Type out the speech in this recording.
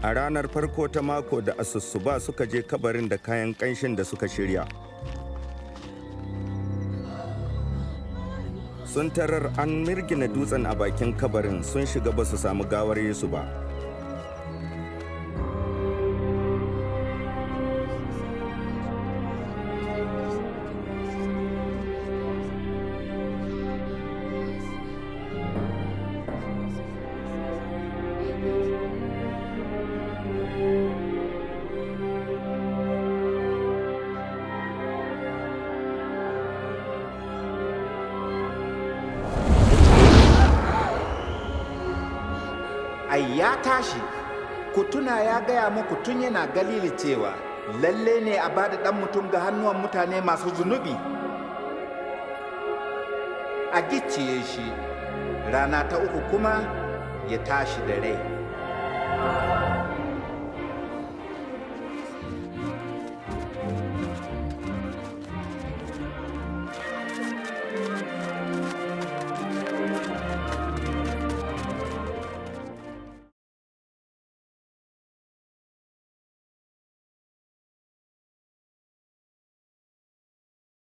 a ranar farko ta mako da ba suka je kabarin da kayan kanshin da suka shirya sun tarar an mirgina dutsen a bakin kabarin sun shiga ba su samu gawar yesu ba ai ya tashi ku tuna ya gaya muku tun yana galili cewa lalle ne a ba da ɗan mutum ga hannuwan mutane masu zunubi a gicciye shi rana ta uku kuma ya tashi da rai